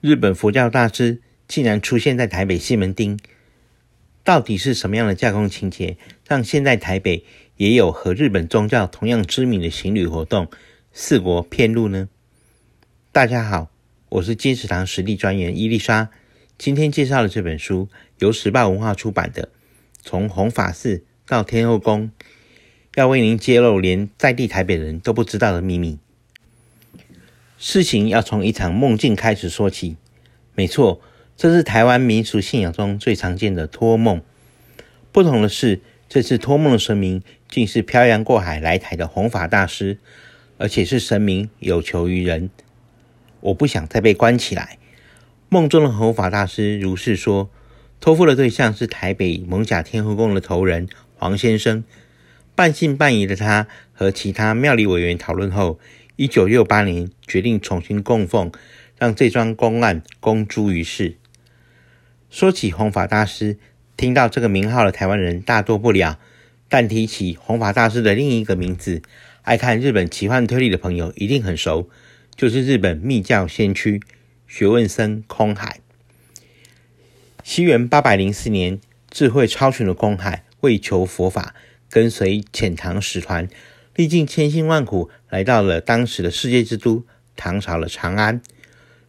日本佛教大師竟然出現在台北西門町，到底是什麼樣的架空情節，讓現在台北也有和日本宗教同樣知名的行旅活動“四國遍路”呢？大家好，我是金石堂實力專員伊麗莎，今天介紹的這本書由時報文化出版的《從弘法寺到天後宮》，要為您揭露連在地台北人都不知道的秘密。事情要從一場夢境開始說起。沒錯，這是臺灣民俗信仰中最常見的托夢。不同的是，這次托夢的神明竟是漂洋過海來臺的弘法大師，而且是神明有求於人。我不想再被關起來。夢中的弘法大師如是說。托付的對象是臺北艋舺天後宮的頭人黃先生。半信半疑的他和其他廟裡委員討論後，一九六八年，決定重新供奉，讓這樁公案公諸於世。說起弘法大師，聽到這個名號的台灣人大多不了；但提起弘法大師的另一個名字，愛看日本奇幻推理的朋友一定很熟，就是日本密教先驅學問僧空海。西元八百零四年，智慧超群的空海為求佛法，跟隨遣唐使團。歷盡千辛萬苦，來到了當時的世界之都——唐朝的長安。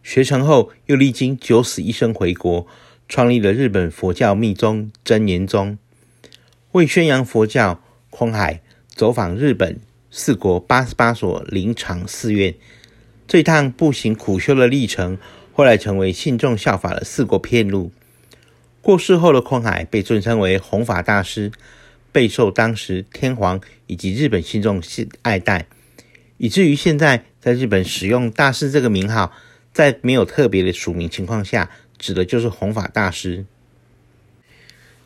學成後，又歷經九死一生回國，創立了日本佛教密宗真言宗。為宣揚佛教，空海走訪日本四國八十八所靈場寺院。這趟步行苦修的歷程，後來成為信眾效法的四國遍路。過世後的空海被尊稱為弘法大師。備受當時天皇以及日本信眾喜愛戴，以至於現在在日本使用大師這個名號，在沒有特別的署名情況下，指的就是弘法大師。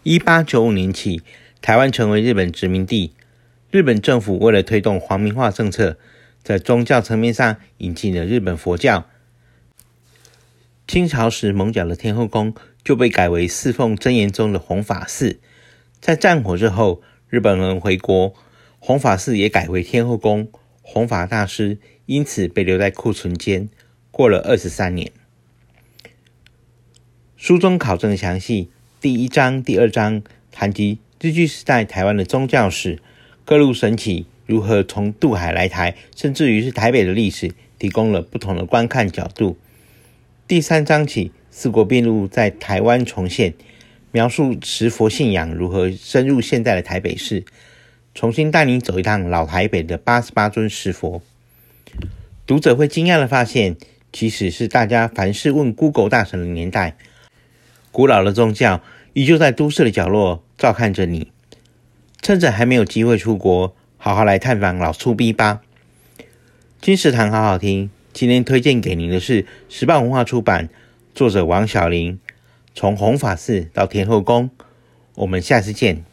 一八九五年起，台灣成為日本殖民地，日本政府為了推動皇民化政策，在宗教層面上引進了日本佛教。清朝時艋舺的天後宮就被改為侍奉真言宗的弘法寺。在戰火之後，日本人回國，弘法寺也改回天後宮，弘法大師因此被留在庫存間，過了二十三年。書中考證詳細，第一章、第二章談及日據時代台灣的宗教史，各路神祇如何從渡海來台，甚至於是台北的歷史，提供了不同的觀看角度。第三章起，四國遍路在台灣重現。描述石佛信仰如何深入現代的台北市，重新帶你走一趟老台北的八十八尊石佛。讀者會驚訝地發現，即使是大家凡事問 Google 大神的年代，古老的宗教依舊在都市的角落照看着你。趁着還沒有機會出國，好好來探訪老粗逼吧。金石堂好好聽。今天推薦給您的是時報文化出版，作者王曉鈴。從弘法寺到天後宮，我們下次見。